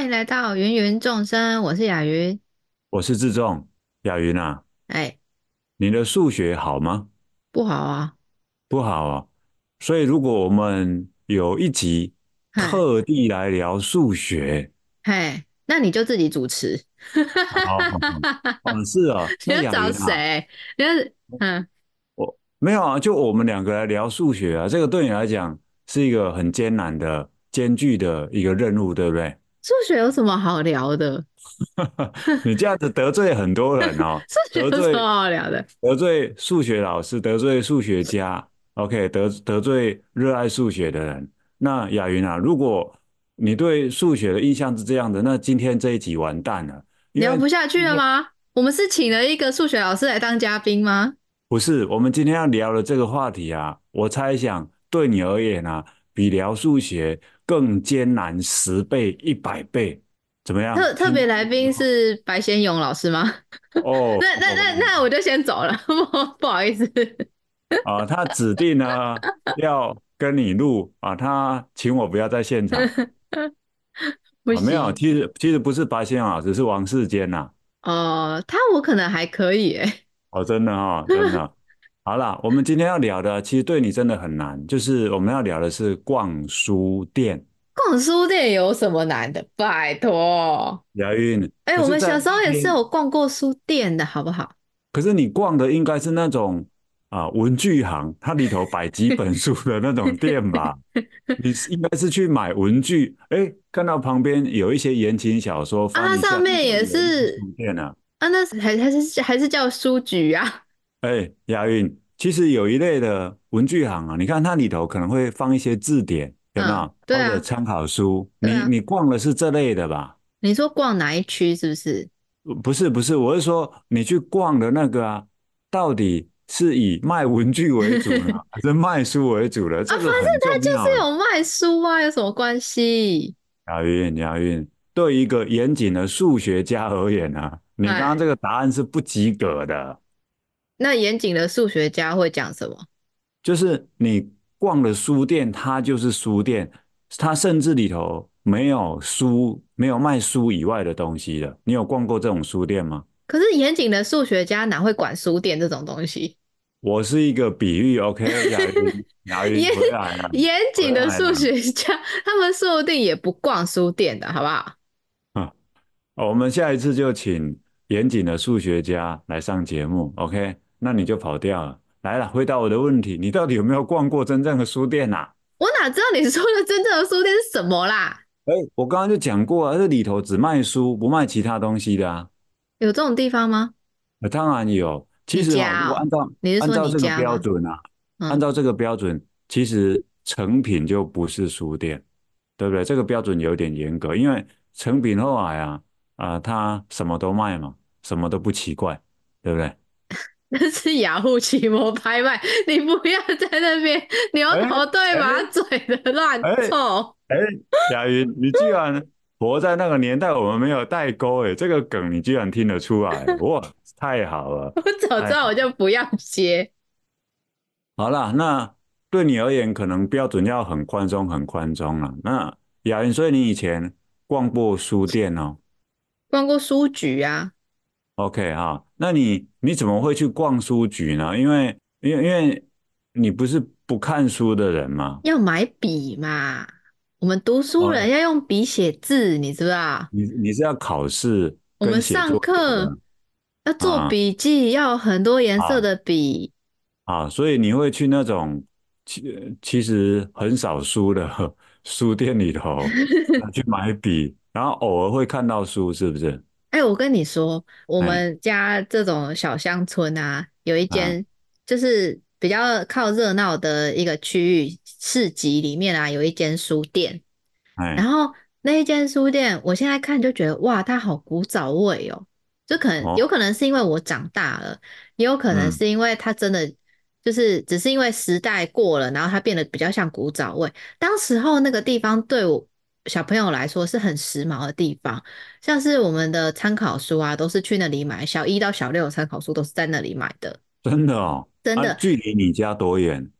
歡迎來到芸芸眾生，我是亞芸，我是志仲，亞芸啊，哎、欸，你的數學好嗎？不好啊，不好啊。所以如果我們有一集特地來聊數學，嘿，那你就自己主持， 哦啊哦、好，嗯，是啊，你要找誰？要嗯，我沒有啊，就我們兩個來聊數學啊。這個對你來講是一個很艱難的艱巨的一個任務，嗯、對不對？數學有什麼好聊的？ 你這樣子得罪很多人哦。數 學有什麼好聊的？得罪數學老師，得罪數學家 ，OK，得得罪熱愛數學的人。那亞芸啊，如果你對數學的印象是這樣的，那今天這一集完蛋了，聊不下去了嗎？我，我們是請了一個數學老師來當嘉賓嗎？不是，我們今天要聊的這個話題啊，我猜想對你而言啊，比聊數學。更艱難十倍一百倍，怎麼樣？特特別來賓是白先勇老師嗎？哦， 那那那那我就先走了， 不好意思。啊、呃，他指定呢 要跟你錄啊、呃，他請我不要在現場。 啊、沒有，其實其實不是白先勇老師，是王世堅吶、啊。哦、呃，他我可能還可以哎、欸。哦，真的啊、哦，真的、哦。 好啦，我們今天要聊的其實對你真的很難，就是我們要聊的是逛書店。逛書店有什麼難的？拜托。亞芸。哎、欸，我們小時候也是有逛過書店的，欸、好不好？可是你逛的應該是那種啊文具行，它裡頭擺幾本書的那種店吧？ 你應該是去買文具。哎、欸，看到旁邊有一些言情小說，那上面也是書店啊？啊，那還、啊、還是還是叫書局啊？哎、欸，亞芸。其實有一類的文具行啊，你看它裡頭可能會放一些字典，有沒有？嗯啊、或者參考書，啊、你你逛的是這類的吧？你說逛哪一區是不是？不是不是，我是說你去逛的那個啊，到底是以賣文具為主呢， 還是賣書為主的、這個？啊，反正它就是有賣書啊，有什麼關係？亞芸，亞芸，對一個嚴謹的數學家而言呢、啊，你剛剛這個答案是不及格的。那嚴謹的數學家會講什麼？就是你逛的書店，它就是書店，它甚至裡頭沒有書，沒有賣書以外的東西的。你有逛過這種書店嗎？可是嚴謹的數學家哪會管書店這種東西？我是一個比喻，OK？比喻， 嚴謹嚴謹的數學家，他們說不定也不逛書店的，好不好？啊，我們下一次就請嚴謹的數學家來上節目，OK？那你就跑掉了。來了，回答我的問題，你到底有沒有逛過真正的書店吶、啊？我哪知道你說的真正的書店是什麼啦？哎、欸，我剛剛就講過啊，這裡頭只賣書，不賣其他東西的啊。有這種地方嗎？當然有。其實我、啊哦、按照你是說你照這個標準啊、嗯，按照這個標準，其實誠品就不是書店，對不對？這個標準有點嚴格，因為誠品後來啊啊、呃，他什麼都賣嘛，什麼都不奇怪，對不對？那 是雅虎奇摩拍賣，你不要在那邊牛頭對馬、欸欸、嘴的亂湊哎，雅云，你居然活在那個年代，我們沒有代溝哎、欸，這個梗你居然聽得出來、欸，哇，太好了。 我早知道我就不要接。好了，那對你而言，可能標準要很寬鬆，很寬鬆了。那雅云，所以你以前逛過書店哦、喔？逛過書局呀、啊。OK 哈、啊，那你你怎麼會去逛書局呢？因為因為因為你不是不看書的人嘛，要買筆嘛。我們讀書人要用筆寫字，哦、你知道？你你是要考試，我們上課要做筆記，啊、要很多顏色的筆啊，啊。所以你會去那種其其實很少書的書店裡頭、 啊、去買筆，然後偶爾會看到書，是不是？哎，我跟你說，我們家這種小鄉村啊，有一間就是比較靠熱鬧的一個區域市集裡面啊，有一間書店。然後那一間書店，我現在看就覺得哇，它好古早味哦、喔！就可能有可能是因為我長大了、哦，也有可能是因為它真的就是只是因為時代過了，然後它變得比較像古早味。當時候那個地方對我，小朋友來說是很時髦的地方，像是我們的參考書啊，都是去那裡買。小一到小六的參考書都是在那裡買的，真的哦，真的。啊、距離你家多遠？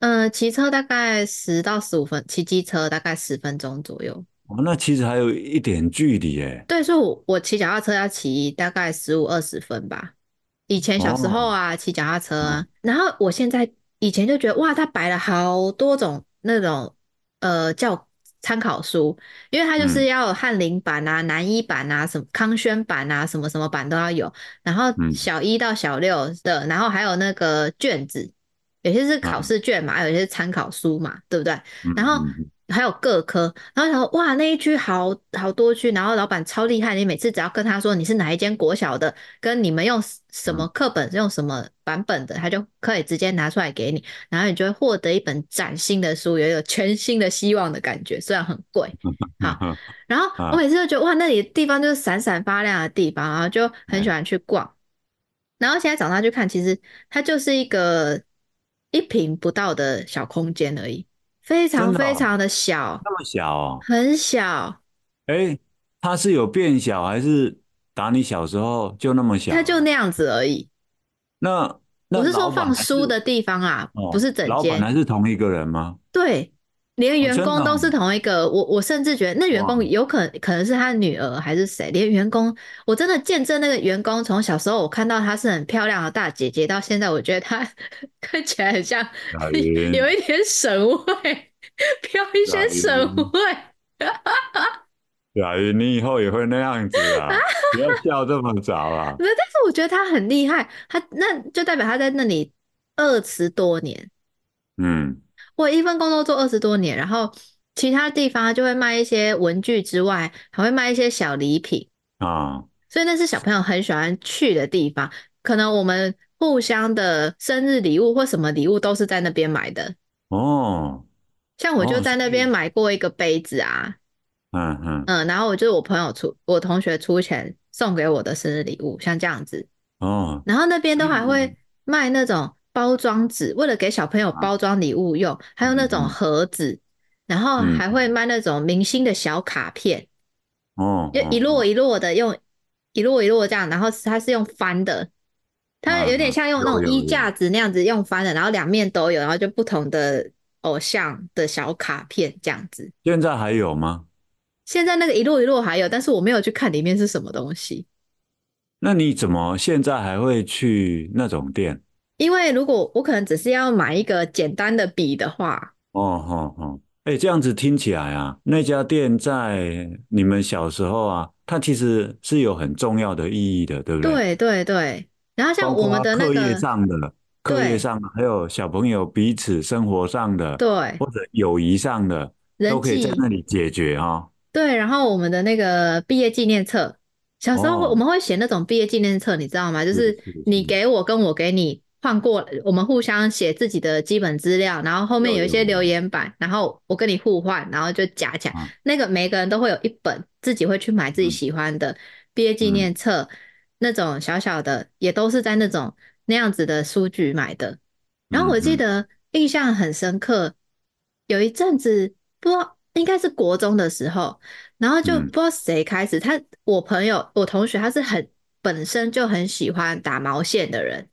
嗯、呃，騎車大概十到十五分，騎機車大概十分鐘左右。我、哦、們那其實還有一點距離耶。對，所以我我騎腳踏車要騎大概十五二十分吧。以前小時候啊，騎、哦、腳踏車、啊嗯，然後我現在以前就覺得哇，它擺了好多種那種呃叫。參考書，因為它就是要有翰林版啊、南一版啊、什麼康軒版啊、什麼什麼版都要有。然後小一到小六的，嗯，對，然後還有那個卷子，有些是考試卷嘛，啊、還有一些是參考書嘛，對不對？然後。還有各科，然後想說哇，那一區好，好多區，然後老闆超厲害，你每次只要跟他說你是哪一間國小的，跟你們用什麼課本，用什麼版本的，他就可以直接拿出來給你，然後你就會獲得一本嶄新的書，有一個全新的希望的感覺，雖然很貴， 好，然後我每次都覺得 哇，那裡的地方就是閃閃發亮的地方，然後就很喜歡去逛，嗯、然後現在長大去看，其實它就是一個一坪不到的小空間而已。非常非常的小的、哦，那麼小哦，很小。哎、欸，它是有變小，還是打你小時候就那麼小？它就那樣子而已。那，那是我是說放書的地方啊？哦、不是整間。老闆還是同一個人嗎？對。連員工都是同一個，喔、我我甚至覺得那員工有可能可能是他女兒還是誰。連員工，我真的見證那個員工從小時候我看到她是很漂亮的大姐姐，到現在我覺得她看起來很像， 有一點省會，漂一些省會。亞芸，你以後也會那樣子啊？啊不要笑這麼早啊那但是我覺得他很厲害，她那就代表他在那裡二十多年。嗯。我一份工作做二十多年，然後其他地方就會賣一些文具之外，還會賣一些小禮品啊，oh. 所以那是小朋友很喜歡去的地方。可能我們互相的生日禮物或什麼禮物都是在那邊買的哦。Oh. Oh. 像我就在那邊買過一個杯子啊，嗯、oh. 嗯、oh. 嗯，然後我就是我朋友出我同學出錢送給我的生日禮物，像這樣子哦。Oh. Oh. 然後那邊都還會賣那種。包裝紙，為了給小朋友包裝禮物用，啊，還有那種盒子，嗯，然後還會賣那種明星的小卡片，嗯、哦，就一摞一摞的用，用、哦、一摞一摞這樣，然後它是用翻的，啊、它有點像用那種衣、e、架子那樣子用翻的，啊、然後兩面都有，然後就不同的偶像的小卡片這樣子。現在還有嗎？現在那個一摞一摞還有，但是我沒有去看裡面是什麼東西。那你怎麼現在還會去那種店？因為如果我可能只是要買一個簡單的筆的話，哦哦哦，哎，這樣子聽起來啊，那家店在你們小時候啊，它其實是有很重要的意義的，對不對？對對對。然後像我們的那個課業上的，課業上的還有小朋友彼此生活上的，對，或者友誼上的，都可以在那裡解決啊，哦。對，然後我們的那個畢業紀念冊，小時候、哦、我們會寫那種畢業紀念冊，你知道嗎？就是你給我跟我給你。嗯放過，我們互相寫自己的基本資料，然後後面有一些留言板，然後我跟你互換，然後就夾夾。那個每個人都會有一本，自己會去買自己喜歡的畢業紀念冊，那種小小的，也都是在那種那樣子的書局買的。然後我記得印象很深刻，有一陣子不知道應該是國中的時候，然後就不知道誰開始，他我朋友我同學他是很本身就很喜歡打毛線的人。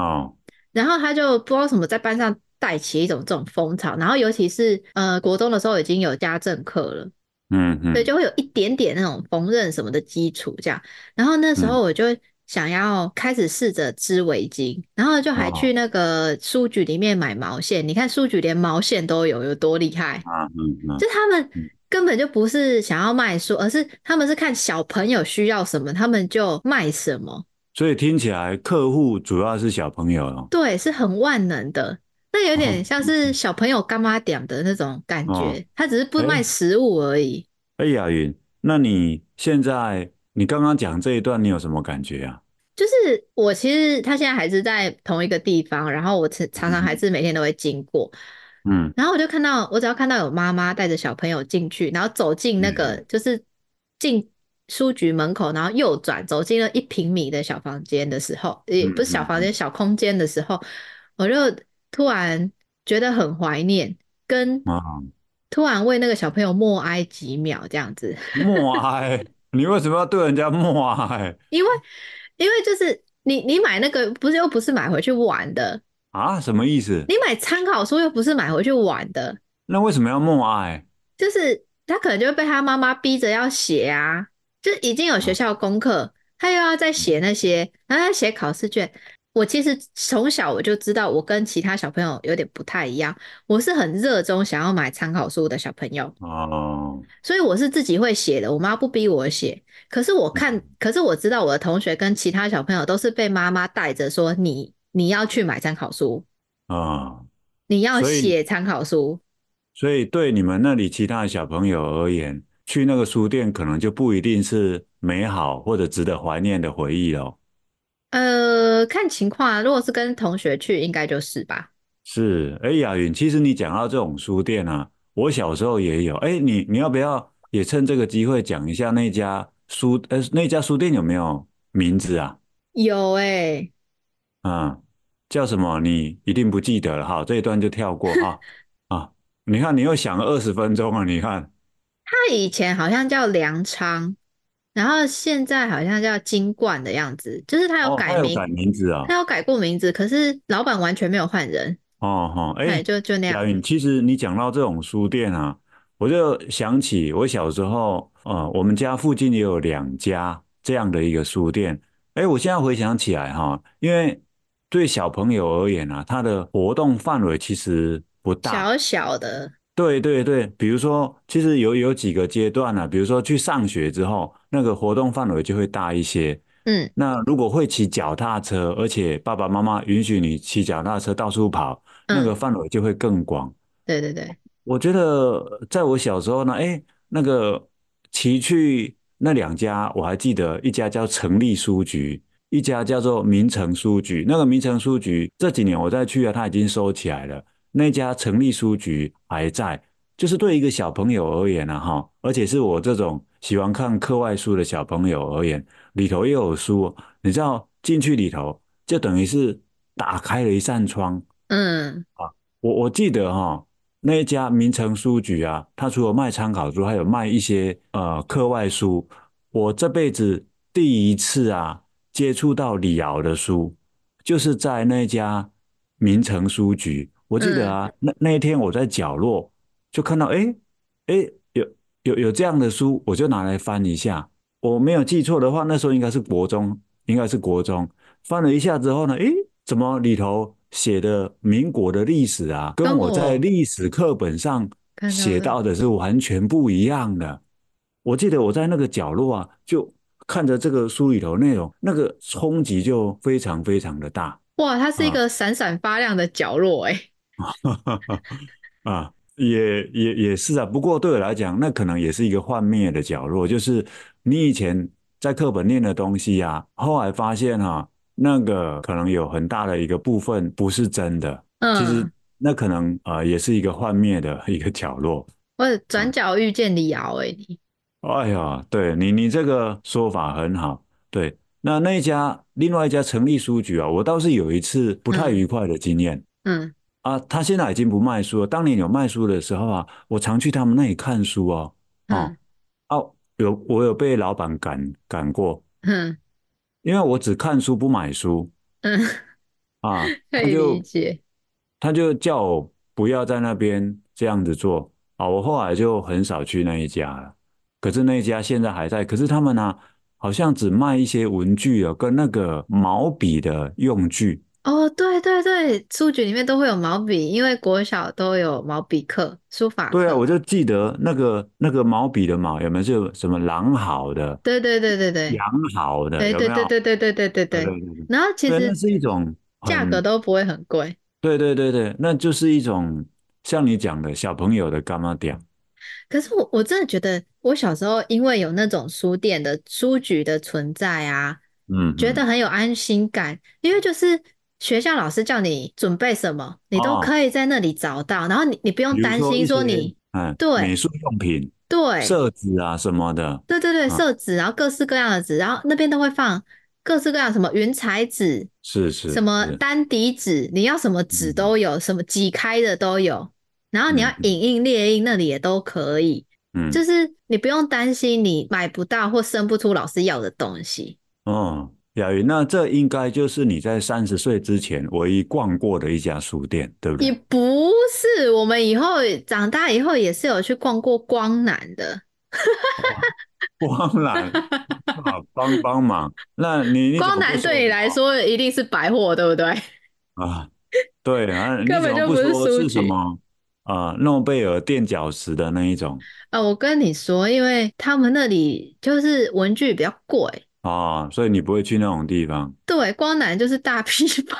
哦，然後他就不知道什麼，在班上帶起一種這種風潮，然後尤其是呃，國中的時候已經有家政課了，嗯嗯，對，就會有一點點那種縫紉什麼的基礎這樣，然後那時候我就想要開始試着織圍巾，嗯，然後就還去那個書局裡面買毛線，哦，你看書局連毛線都有，有多厲害啊，嗯嗯，就他們根本就不是想要賣書，而是他們是看小朋友需要什麼，他們就賣什麼。所以聽起來客戶主要是小朋友了。哦，對，是很萬能的，那有點像是小朋友柑仔店的那種感覺，他只是不賣食物而已。哎、哦，欸欸、亞芸，那你現在你剛剛講這一段，你有什麼感覺啊？就是我其實他現在還是在同一個地方，然後我常常常還是每天都會經過，嗯，嗯，然後我就看到我只要看到有媽媽帶着小朋友進去，然後走進那個就是進。嗯書局門口，然後右轉走進了一平米的小房間的時候、嗯，也不是小房間、嗯、小空間的時候，我就突然覺得很懷念，跟突然為那個小朋友默哀幾秒，這樣子 默哀。你為什麼要對人家默哀？因為因為就是你你買那個不是又不是買回去玩的啊？什麼意思？你買參考書又不是買回去玩的，那為什麼要默哀？就是他可能就會被他媽媽逼着要寫啊。就已經有學校功課，哦、他又要再寫那些，嗯、然後他寫考試卷。我其實從小我就知道，我跟其他小朋友有點不太一樣，我是很熱衷想要買參考書的小朋友。哦。所以我是自己會寫的，我媽不逼我寫。可是我看，嗯、可是我知道我的同學跟其他小朋友都是被媽媽帶着說：“你你要去買參考書啊、哦，你要寫參考書。所”所以對你們那裡其他的小朋友而言。去那個書店，可能就不一定是美好或者，值得懷念的回憶哦。呃，看情況啊，如果是跟同學去，應該就是吧。是，哎，亞芸，其實你講到這種書店啊，我小時候也有。哎，你你要不要也趁這個機會講一下那家書？呃，那家書店有沒有名字啊？有哎、欸。嗯，叫什麼？你一定不記得了哈。這一段就跳過哈、 啊。啊，你看，你又想了二十分鐘啊，你看。他以前好像叫梁昌，然後現在好像叫金冠的樣子，就是他有改名，哦、改名字啊、哦，他有改過名字，可是老闆完全沒有換人。哦吼，哎、哦欸，就就那樣。亞芸，其實你講到這種書店啊，我就想起我小時候，嗯、呃，我們家附近也有兩家這樣的一個書店。哎、欸，我現在回想起來哈、啊，因為對小朋友而言啊，他的活動範圍其實不大，小小的。對對對，比如說，其實有有幾個階段呢、啊，比如說去上學之後，那個活動範圍就會大一些。嗯，那如果會騎腳踏車，而且爸爸媽媽允許你騎腳踏車到處跑，嗯、那個範圍就會更廣、嗯。對對對，我覺得在我小時候呢，哎，那個騎去那兩家，我還記得一家叫成立書局，一家叫做名城書局。那個名城書局這幾年我再去啊，它已經收起來了。那家成立書局還在，就是對一個小朋友而言呢，哈，而且是我這種喜歡看課外書的小朋友而言，裡頭又有書，你知道進去裡頭就等於是打開了一扇窗，嗯，啊，我我記得哈，啊，那家名城書局啊，它除了賣參考書，還有賣一些呃課外書。我這輩子第一次啊接觸到李敖的書，就是在那家名城書局。我記得啊，嗯、那那一天我在角落就看到，哎、嗯、哎、欸欸，有有有這樣的書，我就拿來翻一下。我沒有記錯的話，那時候應該是國中，應該是國中。翻了一下之後呢，哎、欸，怎麼裡頭寫的民國的歷史啊，跟我在歷史課本上寫到的是完全不一樣的。我記得我在那個角落啊，就看着這個書裡頭內容，那個衝擊就非常非常的大。哇，它是一個閃閃發亮的角落、欸、哎。 啊，也也也是啊，不過對我來講，那可能也是一個幻滅的角落，就是你以前在課本唸的東西呀、啊，後來發現哈、啊，那個可能有很大的一個部分不是真的，嗯，其實那可能啊，也是一個幻滅的一個角落。我轉角遇見李敖而已。哎呀，對你，你這個說法很好，對，那那一家另外一家成立書局啊，我倒是有一次不太愉快的經驗，嗯。嗯啊，他現在已經不賣書了。當年有賣書的時候啊，我常去他們那裡看書哦。哦、啊嗯啊，有我有被老闆趕趕過。嗯，因為我只看書不買書。嗯，啊，可以理解。他就叫我不要在那邊這樣子做啊。我後來就很少去那一家了。可是那一家現在還在。可是他們呢、啊，好像只賣一些文具哦跟那個毛筆的用具。哦，對對對，書局裡面都會有毛筆，因為國小都有毛筆課，書法。對啊，我就記得那個那個毛筆的毛有沒有，就什麼狼毫的？對對對對對，羊毫的有沒有？對對對對對對對對，對，對，對，對，對，對，對然後其實那是一種價格都不會很貴，嗯。對對對對，那就是一種像你講的小朋友的柑仔店？可是我我真的覺得我小時候因為有那種書店的書局的存在啊，嗯，覺得很有安心感，因為就是。學校老師叫你準備什麼，你都可以在那裡找到。哦、然後你你不用擔心說你，說哎、對，美術用品，對，色紙啊什麼的，對對對、哦、色紙，然後各式各樣的紙，然後那邊都會放各式各樣什麼雲彩紙，是是、是，什麼單底紙，是是，你要什麼紙都有，嗯、什麼幾開的都有。然後你要影印、列印，那裡也都可以，嗯，就是你不用擔心你買不到或生不出老師要的東西，嗯、哦。亞芸，那這應該就是你在三十歲之前唯一逛過的一家書店，對不對？也不是，我們以後長大以後也是有去逛過光南的。 光南，幫幫忙！那你光南對你來說一定是百貨，對不對？ 啊，對啊，根本就不說是什麼啊，諾貝爾墊腳石的那一種啊。我跟你說，因為他們那裡就是文具比較貴。哦，所以你不會去那種地方。對，光南就是大批發。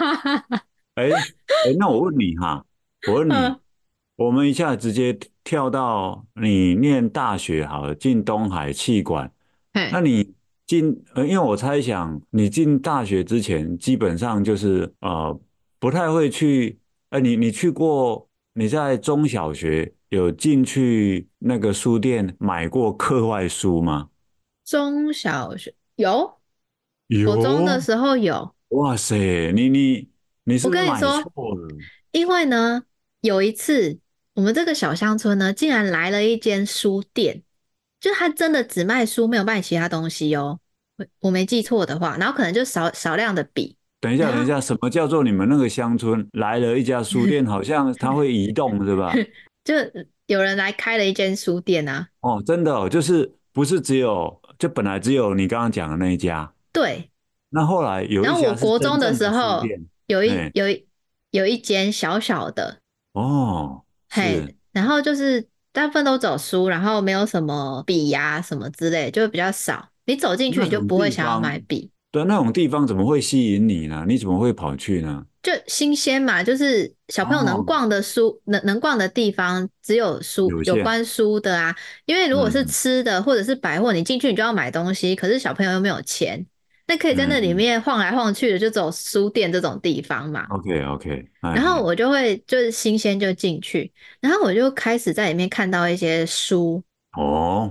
哎 哎、欸欸，那我問你哈，我問你， 我們一下直接跳到你念大學好了，進東海企管。那你進，因為我猜想你進大學之前，基本上就是呃不太會去。欸、你你去過？你在中小學有進去那個書店買過課外書嗎？中小學。有，有，中的時候有。哇塞，你你你是不是錯，我跟你說，因為呢，有一次我們這個小鄉村呢，竟然來了一間書店，就他真的只賣書，沒有賣其他東西哦。我沒記錯的話，然後可能就少少量的筆。等一下，等一下，什麼叫做你們那個鄉村來了一家書店？ 好像它會移動是 吧？就有人來開了一間書店啊。哦，真的哦，就是不是只有。這本來只有你剛剛講的那一家，對。那後來有一間，然後我國中的時候有一有一有一間小小的哦，嘿。然後就是大部分都走書，然後沒有什麼筆呀啊什麼之類，就比較少。你走進去你就不會想要買筆，那，對啊，那種地方怎麼會吸引你呢？你怎麼會跑去呢？就新鮮嘛，就是小朋友能逛的書，能、哦、能逛的地方只有書有，有關書的啊。因為如果是吃的或者是百貨、嗯，你進去你就要買東西，可是小朋友又沒有錢，那可以在那裡面晃來晃去的，就走書店這種地方嘛。嗯、OK OK, okay。然後我就會就是新鮮就進去，然後我就開始在裡面看到一些書哦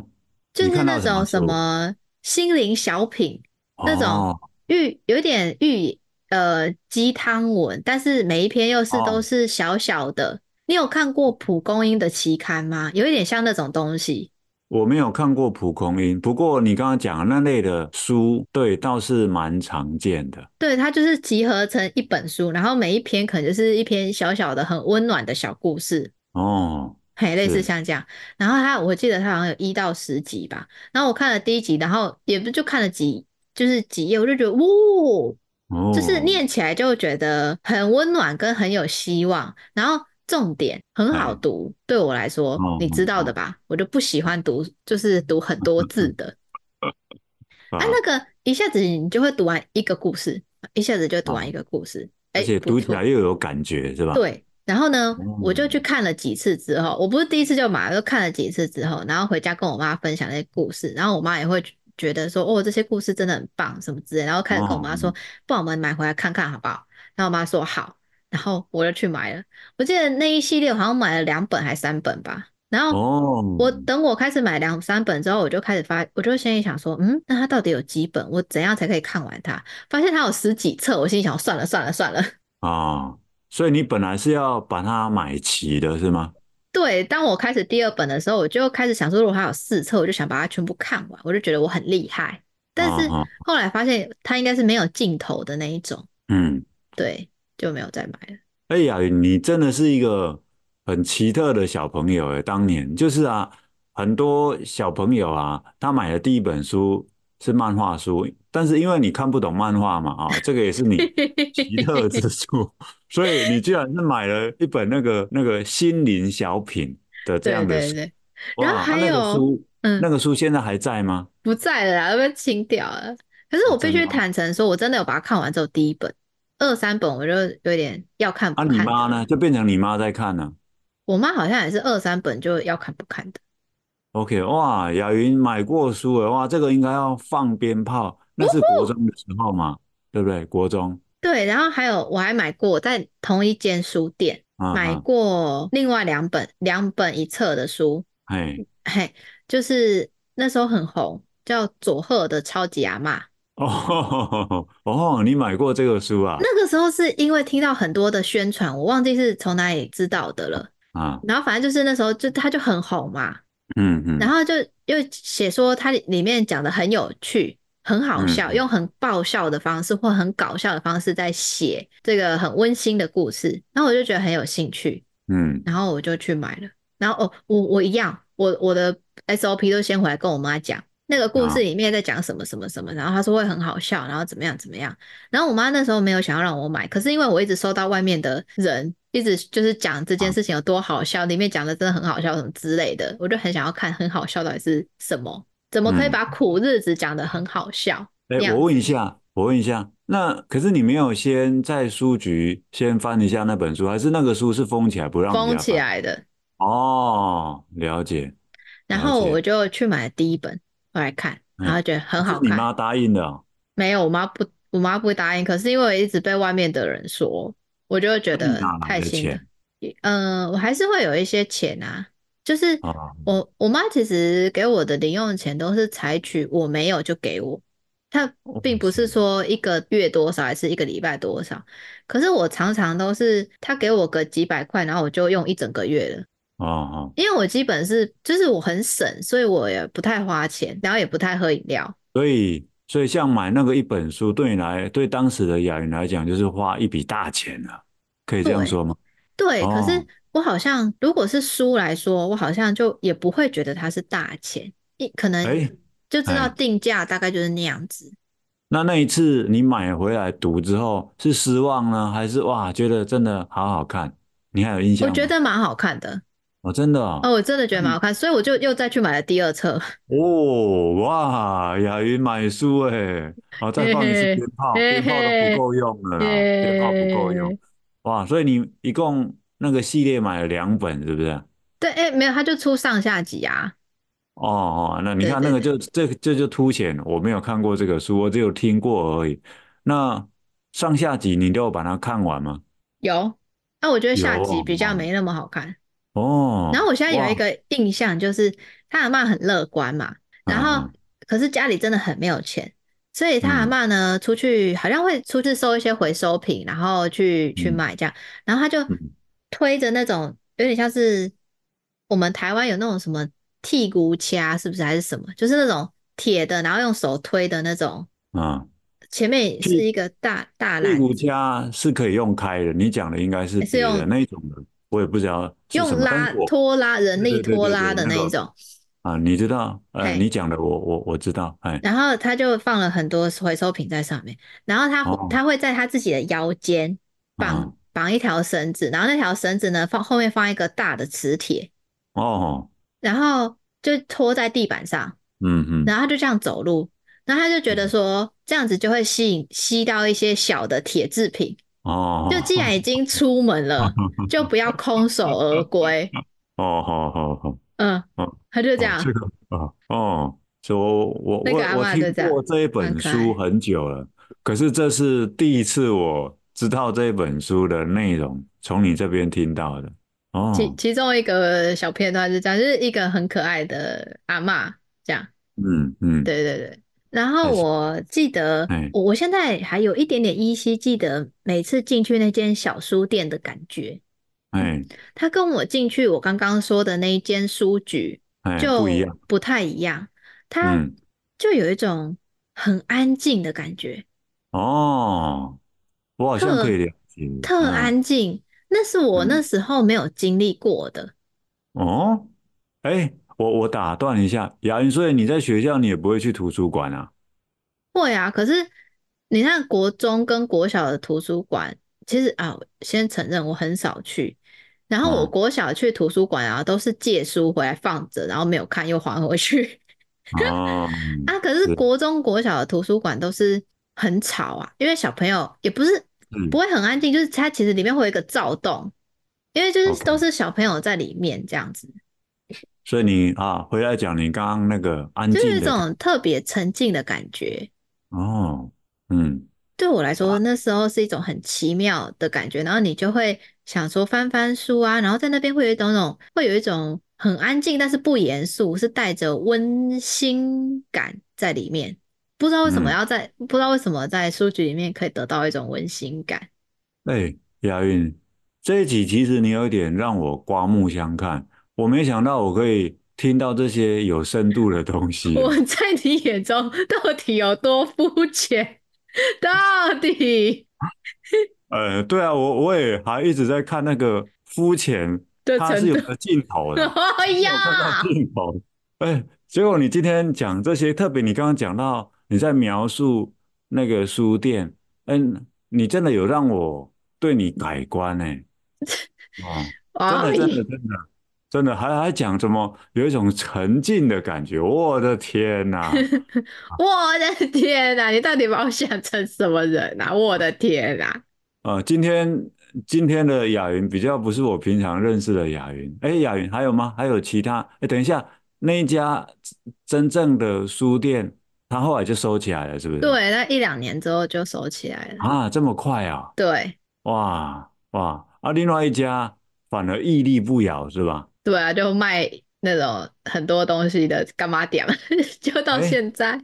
書，就是那種什麼心靈小品、哦、那種寓有點寓。呃，雞湯文，但是每一篇又是都是小小的。Oh. 你有看過蒲公英的期刊嗎？有一點像那種東西。我沒有看過蒲公英，不過你剛剛講的那類的書，對，倒是蠻常見的。對，它就是集合成一本書，然後每一篇可能就是一篇小小的、很溫暖的小故事。哦，很類似像這樣。然後它，我記得它好像有一到十集吧。然後我看了第一集，然後也不就看了幾，就是幾頁，我就覺得，哇、哦！就是念起來就覺得很溫暖跟很有希望，然後重點很好讀、啊，對我來說、嗯，你知道的吧？我就不喜歡讀，就是讀很多字的。啊，啊那個一下子你就會讀完一個故事，一下子就讀完一個故事，啊欸、而且讀起來又有感覺，是、欸、吧？對。然後呢、嗯，我就去看了幾次之後，我不是第一次就買，我就看了幾次之後，然後回家跟我媽分享那些故事，然後我媽也會。覺得說哦，這些故事真的很棒，什麼之類，然後開始跟我媽說，oh. 幫，我們買回來看看好不好？然後我媽說好，然後我就去買了。我記得那一系列，我好像買了兩本還是三本吧。然後我,、oh. 我等我開始買兩三本之後，我就開始發，我就心裡想說，嗯，那它到底有幾本？我怎樣才可以看完它？發現它有十幾冊，我心裡想算了算了算了。哦，oh. 所以你本來是要把它買齊的，是嗎？對，當我開始第二本的時候，我就開始想說，如果還有四冊，我就想把它全部看完，我就覺得我很厲害。但是後來發現它應該是沒有盡頭的那一種哦哦，嗯，對，就沒有再買了。哎呀，你真的是一個很奇特的小朋友哎，當年就是啊，很多小朋友啊，他買的第一本書是漫畫書。但是因為你看不懂漫畫嘛，啊、哦，這個也是你奇特之處， 所以你居然是買了一本那個那個心靈小品的這樣的書。對對對，然後還有、啊、書嗯，那個書現在還在嗎？不在了，都被清掉了。可是我必須坦誠說，我真的有把它看完之後，第一本、二三本我就有點要看不看。啊、你媽呢？就變成你媽在看呢、啊？我媽好像也是二三本就要看不看的。OK，哇，亞芸買過書的哇，這個應該要放鞭炮。那是國中的時候嘛，哦、對不對？國中對，然後還有我還買過在同一間書店、啊、買過另外兩本兩本一冊的書，哎哎，就是那時候很紅，叫佐賀的超級阿嬤。哦、哦，你買過這個書啊？那個時候是因為聽到很多的宣傳，我忘記是從哪裡知道的了啊。然後反正就是那時候就它就很紅嘛，嗯嗯，然後就又寫說它裡面講得很有趣。很好笑，用很爆笑的方式或很搞笑的方式在寫這個很溫馨的故事，然後我就覺得很有興趣，嗯，然後我就去買了。然後哦，我我一樣，我我的 SOP 都先回來跟我媽講那個故事裡面在講什麼什麼什麼，然後她說會很好笑，然後怎麼樣怎麼樣。然後我媽那時候沒有想要讓我買，可是因為我一直收到外面的人一直就是講這件事情有多好笑，裡面講的真的很好笑什麼之類的，我就很想要看，很好笑到底是什麼。怎麼可以把苦日子講得很好笑？哎、嗯，欸，我問一下，我問一下，那可是你沒有先在書局先翻一下那本書，還是那個書是封起來不讓你封起來的？哦，了解。了解，然後我就去買第一本我來看，然後覺得很好看。嗯、你媽答應的、哦？沒有，我媽不，我媽不答應。可是因為我一直被外面的人說，我就覺得太辛苦。嗯，我還是會有一些錢啊。就是我、啊、我媽其實給我的零用錢都是採取我沒有就給我，她並不是說一個月多少還是一個禮拜多少，可是我常常都是她給我個幾百塊，然後我就用一整個月了。哦、啊、哦、啊，因為我基本是就是我很省，所以我也不太花錢，然後也不太喝飲料。所以所以像買那個一本書對你來對當時的亞芸來講就是花一筆大錢了、啊，可以這樣說嗎？對，對哦、可是。我好像，如果是書來說，我好像就也不會覺得它是大錢，一可能就知道定價大概就是那樣子，欸欸。那那一次你買回來讀之後，是失望呢，還是哇覺得真的好好看？你還有印象嗎？我覺得蠻好看的。我、哦、真的哦，哦，我真的覺得蠻好看，嗯，所以我就又再去買了第二冊。哦哇，亞芸買書哎，欸，我再放一次鞭炮，鞭炮都不夠用了，鞭炮不夠用哇，所以你一共。那個系列買了兩本，是不是？對，哎、欸，沒有，他就出上下集啊。哦哦，那你看那個就，對對對，這這就凸顯，我沒有看過這個書，我只有聽過而已。那上下集你都有把它看完嗎？有，那、啊、我覺得下集比較沒那麼好看、啊、哦。然後我現在有一個印象就是他阿媽很樂觀嘛，然後、啊、可是家裡真的很沒有錢，所以他阿媽呢、嗯、出去好像會出去收一些回收品，然後去、嗯、去賣這樣，然後他就。嗯推着那種有點像是我們台灣有那種什麼剃骨掐，是不是還是什麼？就是那種鐵的，然後用手推的那種。嗯，前面是一個大大籃。剃、啊、骨架是可以用開的，你講的應該是是用的那種的，我也不知道。用拉拖拉人力拖拉的那一種對對對對、那個。啊，你知道？呃、你講的我我我知道。哎，然後他就放了很多回收品在上面，然後他、哦、他會在他自己的腰間放。哦綁一條繩子，然後那條繩子呢，放後面放一個大的磁鐵哦，oh. 然後就拖在地板上，嗯哼，然後他就這樣走路，然後他就覺得說這樣子就會吸引吸到一些小的鐵製品哦，oh. 就既然已經出門了，oh. 就不要空手而歸哦，好好好，嗯嗯，他就這樣，嗯、oh. 哦、oh. oh. so,，所、那、以、個、阿嬤就這樣，我我我我聽過這一本書很久了，okay. 可是這是第一次我。知道這本書的內容，從你這邊聽到的哦。其其中一個小片段是這樣，就是一個很可愛的阿媽這樣。嗯嗯，對對對。然後我記得，欸，我現在還有一點點依稀記得每次進去那間小書店的感覺。哎、嗯，欸，他跟我進去我剛剛說的那一間書局，欸，就不太一樣。他，嗯，就有一種很安靜的感覺。哦。我好像可以了解，特，特安靜，啊，那是我那時候沒有經歷過的。嗯、哦、哎、欸，我我打斷一下，亞芸，所以你在學校你也不會去圖書館啊？會啊，可是你看國中跟國小的圖書館，其實啊，先承認我很少去。然後我國小去圖書館啊，都是借書回來放着，然後沒有看又還回去。啊 哦， 啊，可是國中國小的圖書館都是。很吵啊，因為小朋友也不是不會很安靜、嗯，就是它其實裡面會有一個躁動，因為就是都是小朋友在裡面這樣子。所以你啊，回來講你剛剛那個安靜，就是一種特別沉靜的感覺。哦，嗯，對我來說那時候是一種很奇妙的感覺，然後你就會想說翻翻書啊，然後在那邊會有一種，那種會有一種很安靜，但是不嚴肅，是帶着溫馨感在裡面。不知道為什麼要在，嗯，不知道為什麼在書局裡面可以得到一種溫馨感。哎，欸，亞芸，這一集其實你有一點讓我刮目相看。我沒想到我可以聽到這些有深度的東西。我在你眼中到底有多膚淺？到底？呃，嗯，對啊，我我也還一直在看那個膚淺， 它是有個鏡頭的，哎呀鏡頭。哎，欸，結果你今天講這些，特別你剛剛講到。你在描述那個書店、欸，你真的有讓我對你改觀呢、欸？ 哦，真的，真的，真的，真的還還講什麼，有一種沉浸的感覺。我的天哪、啊！ 我的天哪、啊啊 啊！你到底把我想成什麼人啊？我的天哪、啊啊！今天今天的亞芸比較不是我平常認識的亞芸。哎、欸，亞芸還有嗎？還有其他？哎、欸，等一下，那一家真正的書店。他後來就收起來了，是不是？對，那一兩年之後就收起來了啊，這麼快啊？對，哇哇啊！另外一家反而屹立不搖，是吧？對啊，就賣那種很多東西的柑仔店， 就到現在。欸、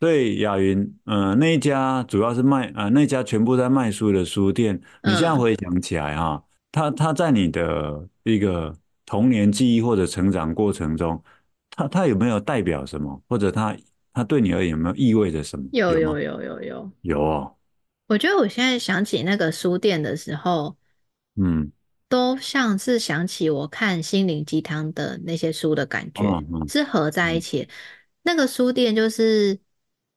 對，亞芸，嗯、呃，那一家主要是賣，呃，那一家全部在賣書的書店。你這樣回想起來哈，嗯、他他在你的一個童年記憶或者成長過程中，他他有沒有代表什麼，或者他？那對你而言有沒有意味着什麼？有有有有有有，有，有哦！我覺得我現在想起那個書店的時候，嗯，都像是想起我看心靈雞湯的那些書的感覺，嗯、是合在一起、嗯。那個書店就是，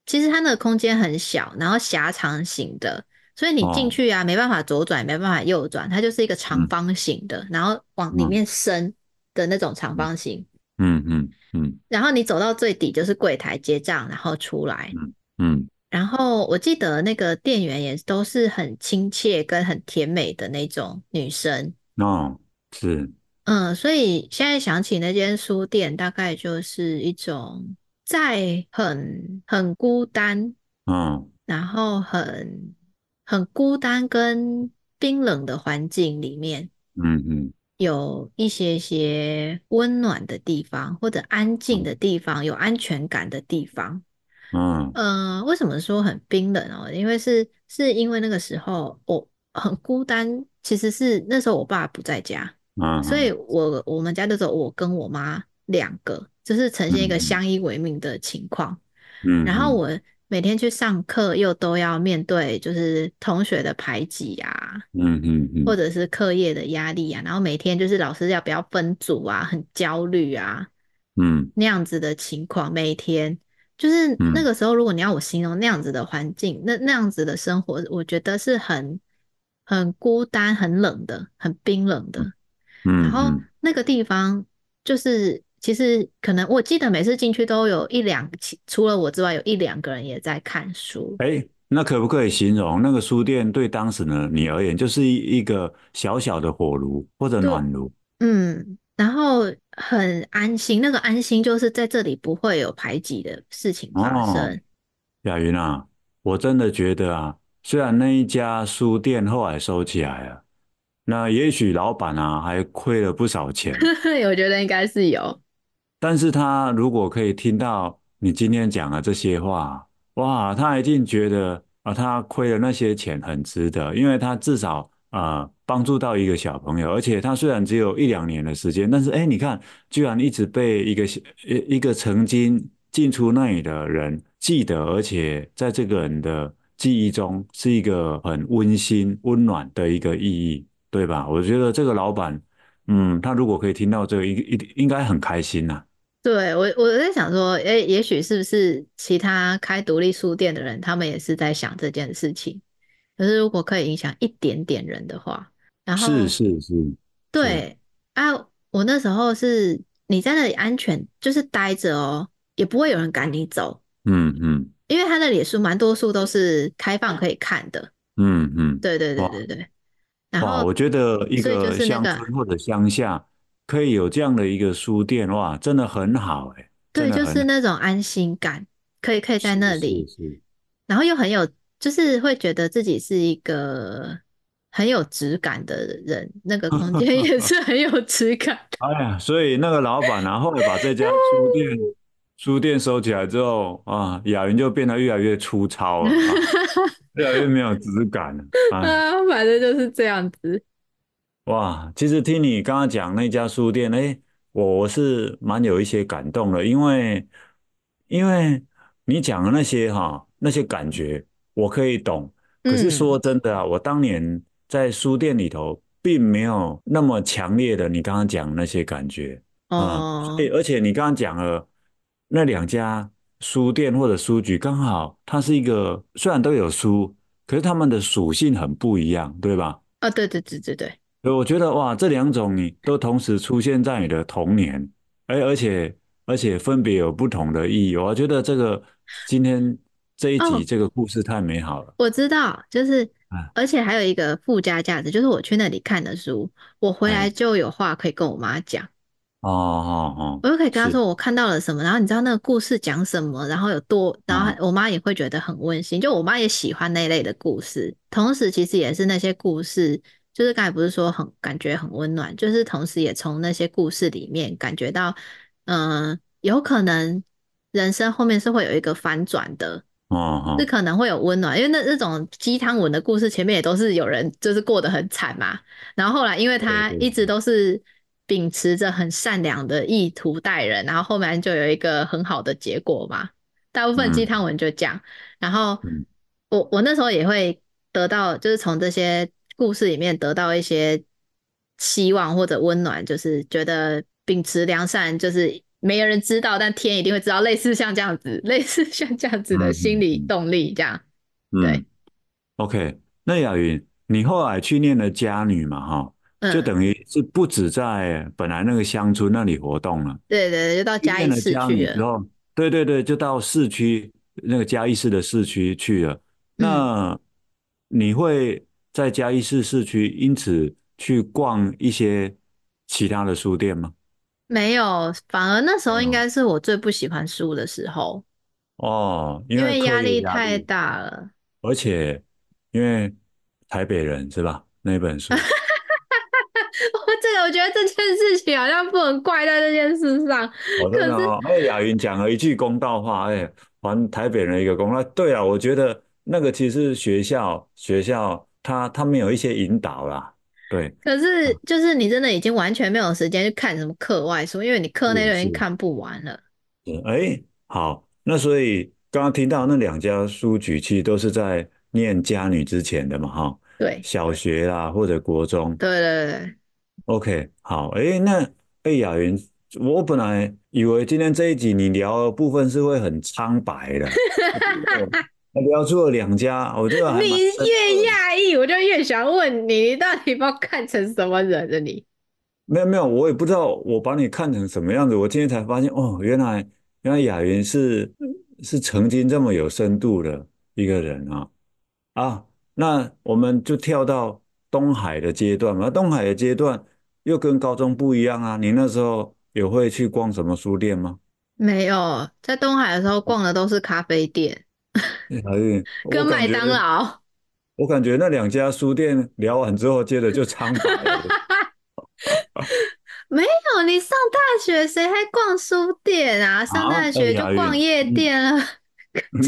其實它那個空間很小，然後狹長型的，所以你進去啊、嗯，沒辦法左轉，沒辦法右轉，它就是一個長方形的、嗯，然後往裡面伸的那種長方形。嗯嗯嗯嗯嗯，然後你走到最底就是櫃檯結賬，然後出來。嗯，嗯，然後我記得那個店員也都是很親切跟很甜美的那種女生。嗯、哦，是。嗯，所以現在想起那間書店，大概就是一種在很很孤單，嗯、哦，然後很很孤單跟冰冷的環境裡面。嗯嗯。有一些些溫暖的地方，或者安靜的地方，有安全感的地方。嗯、uh -huh. 呃，為什麼說很冰冷哦？因為是是因為那個時候我很孤單，其實是那時候我爸不在家，嗯、uh -huh.，所以我我們家的時候，我跟我媽兩個，就是呈現一個相依為命的情況。嗯、uh -huh.，然後我。每天去上課，又都要面對就是同學的排擠啊，嗯嗯，或者是課業的壓力啊，然後每天就是老師要不要分組啊，很焦慮啊，嗯，那樣子的情況，每天就是那個時候，如果你要我形容那樣子的環境，那那樣子的生活，我覺得是很很孤單、很冷的、很冰冷的，嗯，然後那個地方就是。其實可能我記得每次進去都有一兩，除了我之外有一兩個人也在看書。哎，那可不可以形容那個書店對當時呢你而言就是一一個小小的火爐或者暖爐？嗯，然後很安心，那個安心就是在這裡不會有排擠的事情發生。哦，亞芸啊，我真的覺得啊，雖然那一家書店後來收起來了，啊，那也許老闆啊還虧了不少錢。 我覺得應該是有。但是他如果可以聽到你今天講的這些話，哇，他一定覺得啊、呃，他虧的那些錢很值得，因為他至少啊、呃、幫助到一個小朋友，而且他雖然只有一兩年的時間，但是哎，你看，居然一直被一個一一個曾經進出那裡的人記得，而且在這個人的記憶中是一個很溫馨、溫暖的一個意義，對吧？我覺得這個老闆，嗯，他如果可以聽到這個，一一應該很開心吶、啊。對我，我在想說，誒、欸，也許是不是其他開獨立書店的人，他們也是在想這件事情。可是如果可以影響一點點人的話，然後是是是，對是啊，我那時候是你在那裡安全，就是待着哦，也不會有人趕你走。嗯嗯，因為他那裡書蠻多，書都是開放可以看的。嗯嗯，對對對對對。哇，然後哇我覺得一個鄉村或者鄉下，可以有這樣的一個書店哇，真的很好哎、欸。對，就是那種安心感，可以可以在那裡，然後又很有，就是會覺得自己是一個很有質感的人，那個空間也是很有質感。 哎呀，所以那個老闆，然後把這家書店 書店收起來之後啊，亞芸就變得越來越粗糙了，啊、越來越沒有質感了。啊 哎，反正就是這樣子。哇，其實聽你剛剛講那家書店，哎、欸，我我是蠻有一些感動的，因為因為你講的那些哈、喔、那些感覺，我可以懂。可是說真的啊，嗯、我當年在書店裡頭，並沒有那麼強烈的你剛剛講那些感覺。哦、啊，而且你剛剛講了那兩家書店或者書局，剛好它是一個雖然都有書，可是他們的屬性很不一樣，對吧？啊、哦，對對對對對。所以我覺得哇，這兩種你都同時出現在你的童年，欸、而且而且分別有不同的意義。我覺得這個今天這一集這個故事太美好了。哦、我知道，就是，而且還有一個附加價值，就是我去那裡看的書，我回來就有話可以跟我媽講。哦哦哦，我就可以跟她說我看到了什麼，然後你知道那個故事講什麼，然後有多，然後我媽也會覺得很溫馨。嗯、就我媽也喜歡那一類的故事，同時其實也是那些故事。就是剛才不是說很感覺很溫暖，就是同時也從那些故事裡面感覺到，嗯，有可能人生後面是會有一個反轉的，哦哦，是可能會有溫暖，因為那那種雞湯文的故事前面也都是有人就是過得很慘嘛，然後後來因為他一直都是秉持着很善良的意圖待人，然後後面就有一個很好的結果嘛，大部分雞湯文就這樣，嗯，然後我我那時候也會得到就是從這些。故事裡面得到一些希望或者溫暖，就是覺得秉持良善，就是沒有人知道，但天一定會知道。類似像這樣子，類似像這樣子的心理動力，這樣，嗯、對、嗯。OK，那亞芸，你後來去念了嘉女嘛？哈，就等於是不止在本來那個鄉村那裡活動了。嗯、對，對對，就到嘉義市去了。然後對，對對對，就到市區那個嘉義市的市區去了。嗯、那你會？在嘉義市市區，因此去逛一些其他的書店嗎？沒有，反而那時候應該是我最不喜歡書的時候哦，因為壓力，壓力，因為壓力太大了。而且因為台北人是吧？那本書， 這個我覺得這件事情好像不能怪在這件事上。哦、可是，哎、欸，雅雲講了一句公道話，哎、欸，還台北人一個公道。道，對啊，我覺得那個其實學校，學校。學校他他沒有一些引導啦，對。可是就是你真的已經完全沒有時間去看什麼課外書，啊，因為你課內都已經看不完了。哎、欸，好，那所以剛剛聽到那兩家書局其實都是在念家女之前的嘛，哈。對。小學啦，或者國中。對對對，對。OK，好，哎、欸，那哎、欸、亞芸，我本來以為今天這一集你聊的部分是會很蒼白的。 還聊出了兩家，我覺得你越壓抑，我就越想問你，你到底把我看成什麼人了？你沒有沒有，我也不知道我把你看成什麼樣子。我今天才發現，哦，原來原來亞芸是是曾經這麼有深度的一個人啊啊！那我們就跳到東海的階段嘛。東海的階段又跟高中不一樣啊。你那時候有會去逛什麼書店嗎？沒有，在東海的時候逛的都是咖啡店。跟麥當勞。當勞，我感覺那兩家書店聊完之後，接着就蒼白了 。沒有，你上大學誰還逛書店啊，啊？上大學就逛夜店了、啊。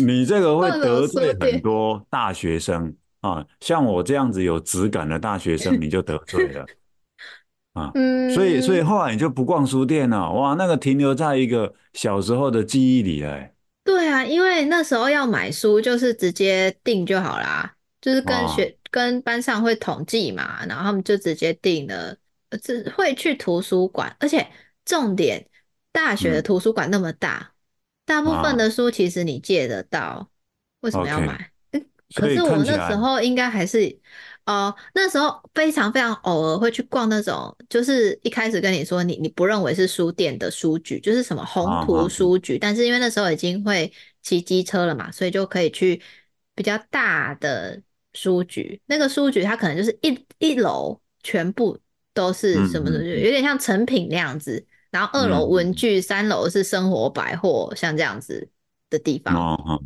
你這個會得罪很多大學生啊！像我這樣子有質感的大學生，你就得罪了啊！所以，所以後來你就不逛書店了。哇，那個停留在一個小時候的記憶裡了、欸。因為那時候要買書，就是直接訂就好啦，就是跟學跟班上會統計嘛，然後他們就直接訂了，會去圖書館，而且重點大學的圖書館那麼大，大部分的書其實你借得到，為什麼要買？可是我那時候應該還是。哦、uh,，那時候非常非常偶爾會去逛那種，就是一開始跟你說你你不認為是書店的書局，就是什麼宏圖書局、啊。但是因為那時候已經會騎機車了嘛，所以就可以去比較大的書局。那個書局它可能就是一一樓全部都是什麼東西、嗯、有點像誠品那樣子。然後二樓文具，嗯、三樓是生活百貨，或像這樣子的地方。嗯、啊、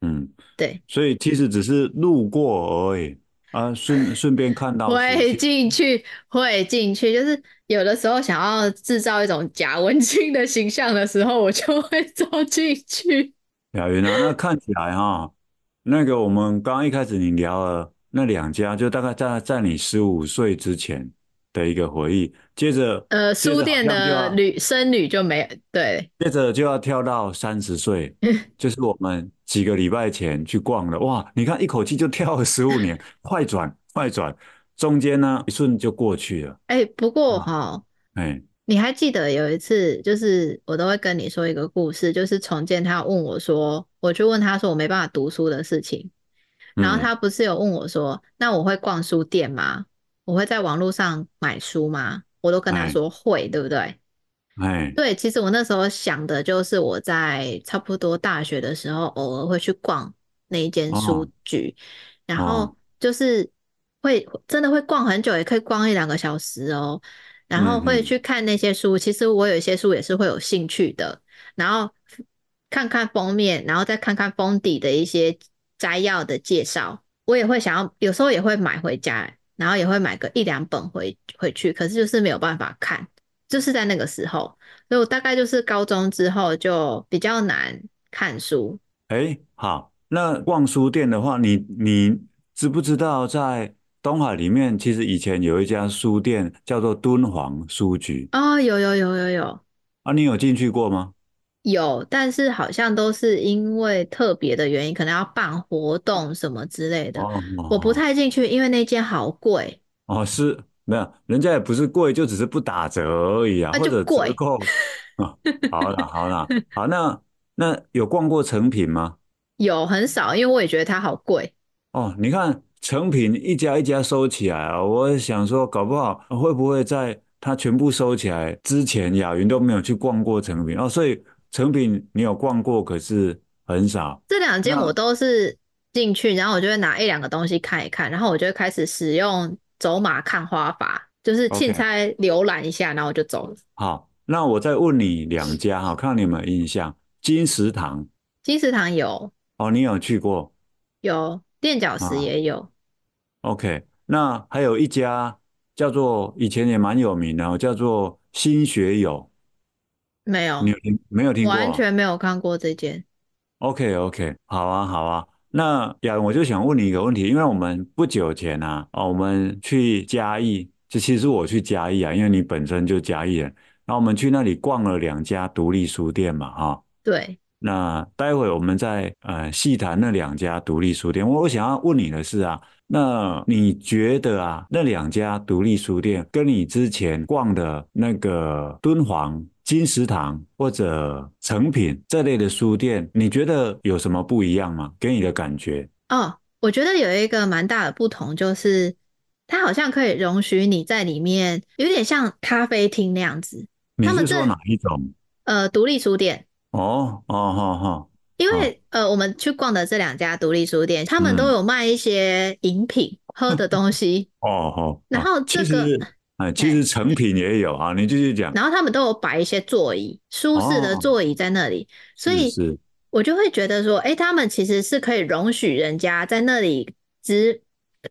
嗯，對。所以其實只是路過而已。啊，順順便看到會進去，會進去，就是有的時候想要制造一種假文青的形象的時候，我就會走進去。啊，亞芸啊，那看起來哈、哦， 那個我們剛剛一開始你聊了那兩家，就大概在在你十五歲之前，的一個回憶，接着呃、接著，書店的女生女就沒對，接着就要跳到三十歲， 就是我們幾個禮拜前去逛的哇！你看一口氣就跳了十五年， 快轉快轉，中間呢、啊、一瞬就過去了。哎、欸，不過哈、哦，哎、啊欸，你還記得有一次，就是我都會跟你說一個故事，就是重建他問我說，我去問他說我沒辦法讀書的事情，然後他不是有問我說，嗯、那我會逛書店嗎？我會在網絡上買書嗎？我都跟他說會，對不對？哎，對，其實我那時候想的就是，我在差不多大學的時候，偶爾會去逛那一間書局，哦，然後就是會真的會逛很久，也可以逛一兩個小時哦。然後會去看那些書，嗯，其實我有一些書也是會有興趣的，然後看看封面，然後再看看封底的一些摘要的介紹，我也會想要，有時候也會買回家。然後也會買個一兩本回回去，可是就是沒有辦法看，就是在那個時候，所以我大概就是高中之後就比較難看書。哎，好，那逛書店的話，你你知不知道在東海裡面，其實以前有一家書店叫做敦煌書局啊？哦，有有有有有，有啊？你有進去過嗎？有，但是好像都是因為特別的原因，可能要辦活動什麼之類的。哦、我不太進去，因為那間好貴。哦，是，沒有，人家也不是貴，就只是不打折而已啊。那、啊、就貴。好啦、 哦、好啦，好，啦 好，那那有逛過誠品嗎？有，很少，因為我也覺得它好貴。哦，你看誠品一家一家收起來啊，我想說，搞不好會不會在它全部收起來之前，亞芸都沒有去逛過誠品哦，所以。成品你有逛過，可是很少。這兩間我都是進去，然後我就會拿一兩個東西看一看，然後我就會開始使用走馬看花法，就是青菜瀏覽一下，okay. 然後我就走了。好，那我再問你兩家哈， 看你有沒有印象？金石堂，金石堂有哦，你有去過？有，墊腳石也有。OK，那還有一家叫做以前也蠻有名的，叫做新學友。沒有，你沒有聽過、哦，完全沒有看過這件。OK OK，好啊好啊。那亞芸，我就想問你一個問題，因為我們不久前啊，哦，我們去嘉義，這其實我去嘉義啊，因為你本身就嘉義人。然後我們去那裡逛了兩家獨立書店嘛，哈、哦。對。那待會我們再呃細談那兩家獨立書店。我我想要問你的是啊，那你覺得啊，那兩家獨立書店跟你之前逛的那個敦煌？金石堂或者誠品這類的書店，你覺得有什麼不一樣嗎？給你的感覺？哦，我覺得有一個蠻大的不同，就是它好像可以容許你在裡面，有點像咖啡廳那樣子。你是說哪一種？呃，獨立書店。哦哦哦哦。因為、哦、呃，我們去逛的這兩家獨立書店，他們都有賣一些飲品、嗯、喝的東西。哦哦。然後，這個。哎，其實誠品也有啊，你繼續講。 然後他們都有擺一些座椅，舒適的座椅在那裡，所以我就會覺得說，哎，他們其實是可以容許人家在那裡只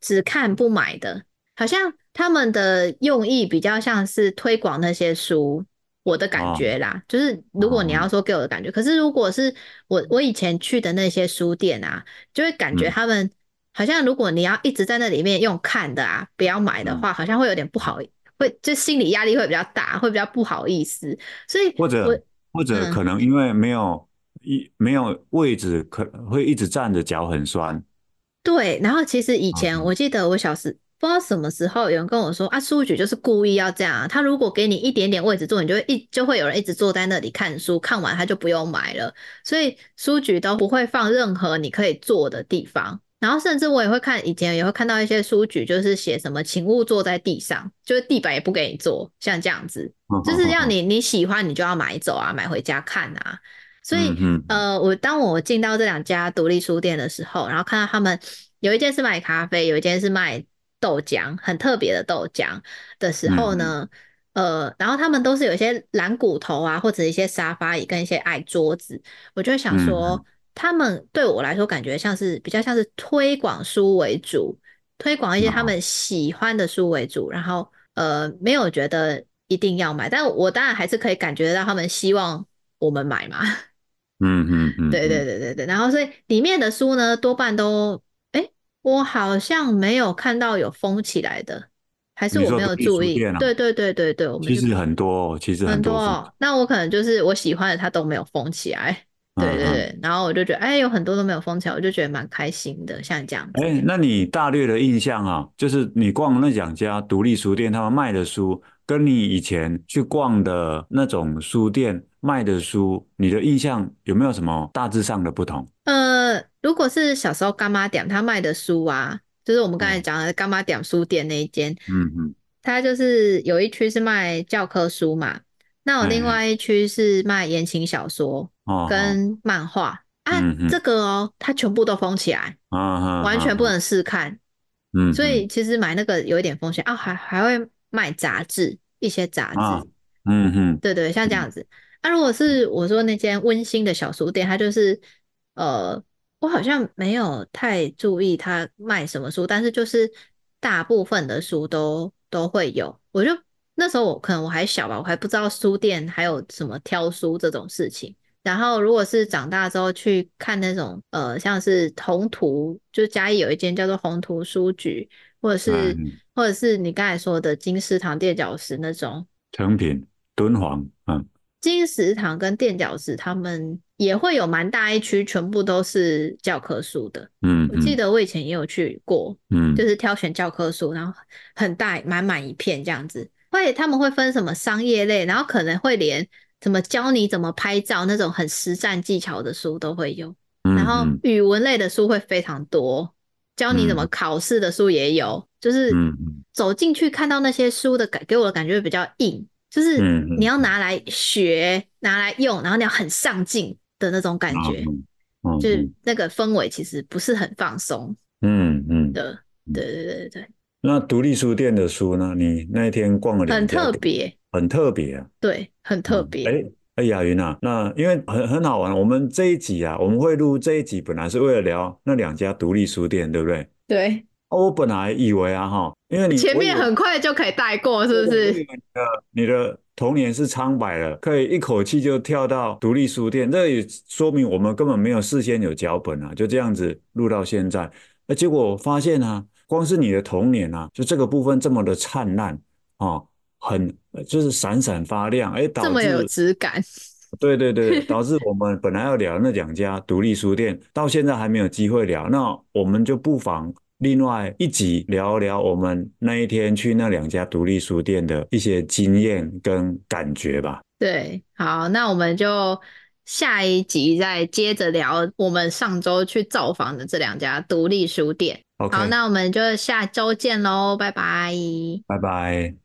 只看不買的，好像他們的用意比較像是推廣那些書，我的感覺啦，就是如果你要說給我的感覺，可是如果是我我以前去的那些書店啊，就會感覺他們好像如果你要一直在那裡面用看的啊，不要買的話，好像會有點不好。會就心理壓力會比較大，會比較不好意思，所以或者或者可能因為沒有一、嗯、沒有位置可，可會一直站着，腳很酸。對，然後其實以前我記得我小時、哦、不知道什麼時候有人跟我說啊，書局就是故意要這樣、啊，他如果給你一點點位置坐，你就會一就會有人一直坐在那裡看書，看完他就不用買了，所以書局都不會放任何你可以坐的地方。然後甚至我也會看，以前也會看到一些書局，就是寫什麼「請勿坐在地上」，就是地板也不給你坐，像這樣子，就是要你你喜歡你就要買走啊，買回家看啊。所以、嗯、呃，我當我進到這兩家獨立書店的時候，然後看到他們有一間是賣咖啡，有一間是賣豆漿，很特別的豆漿的時候呢、嗯，呃，然後他們都是有一些懶骨頭啊，或者一些沙發椅跟一些矮桌子，我就會想說。嗯他們對我來說感覺像是比較像是推廣書為主，推廣一些他們喜歡的書為主，然後呃，沒有覺得一定要買，但我當然還是可以感覺到他們希望我們買嘛。嗯嗯嗯，對對對對對、對。然後所以裡面的書呢多半都、欸，哎，我好像沒有看到有封起來的，還是我沒有注意？對對對對對，其實很多，其實很多。那我可能就是我喜歡的他都沒有封起來。對對對，然後我就覺得，哎，有很多都沒有封起來，我就覺得蠻開心的。像這樣，哎，那你大略的印象啊，就是你逛那兩家獨立書店，他們賣的書，跟你以前去逛的那種書店賣的書，你的印象有沒有什麼大致上的不同？呃，如果是小時候乾媽店，他賣的書啊，就是我們剛才講的乾媽店書店那一間，嗯嗯，他就是有一區是賣教科書嘛。那我另外一區是賣言情小說跟漫畫、嗯、啊、嗯，這個哦，它全部都封起來，嗯、完全不能試看，嗯，所以其實買那個有一點風險、嗯、啊，還還會賣雜誌，一些雜誌，嗯哼，對,對對，像這樣子。那、嗯啊、如果是我說那間溫馨的小書店，它就是呃，我好像沒有太注意它賣什麼書，但是就是大部分的書都都會有，我就。那時候我可能我還小吧，我還不知道書店還有什麼挑書這種事情。然後如果是長大之後去看那種，呃，像是宏圖，就嘉義有一間叫做宏圖書局，或者是、嗯、或者是你剛才說的金石堂墊腳石那種。誠品敦煌，嗯，金石堂跟墊腳石他們也會有蠻大一區，全部都是教科書的。嗯，嗯我記得我以前也有去過，嗯，就是挑選教科書，然後很大滿滿一片這樣子。他們會分什麼商業類，然後可能會連怎麼教你怎麼拍照那種很實戰技巧的書都會有。嗯、然後語文類的書會非常多，教你怎麼考試的書也有。嗯、就是走進去看到那些書的感，給我的感覺會比較硬，就是你要拿來學、拿來用，然後你要很上進的那種感覺，嗯嗯、就是那個氛圍其實不是很放鬆。嗯嗯。的，對對對對對。對對那獨立書店的書呢？你那一天逛了兩家店很特別，很特別啊，對，很特別、嗯。哎、欸、哎，欸、亞芸啊，那因為很很好玩，我們這一集啊，我們會錄這一集，本來是為了聊那兩家獨立書店，對不對？對、啊。我本來以為啊，哈，因為你我以為前面很快就可以帶過，是不是？你的你的童年是蒼白的，可以一口氣就跳到獨立書店，這個、也說明我們根本沒有事先有腳本啊，就這樣子錄到現在。那、欸、結果我發現啊。光是你的童年啊，就這個部分這麼的燦爛啊、哦，很就是閃閃發亮，哎，這麼有質感。 對對對，導致我們本來要聊那兩家獨立書店， 到現在還沒有機會聊，那我們就不妨另外一集聊聊我們那一天去那兩家獨立書店的一些經驗跟感覺吧。對，好，那我們就下一集再接着聊我們上周去造訪的這兩家獨立書店。Okay. 好，那我們就下周見嘍，拜拜，拜拜。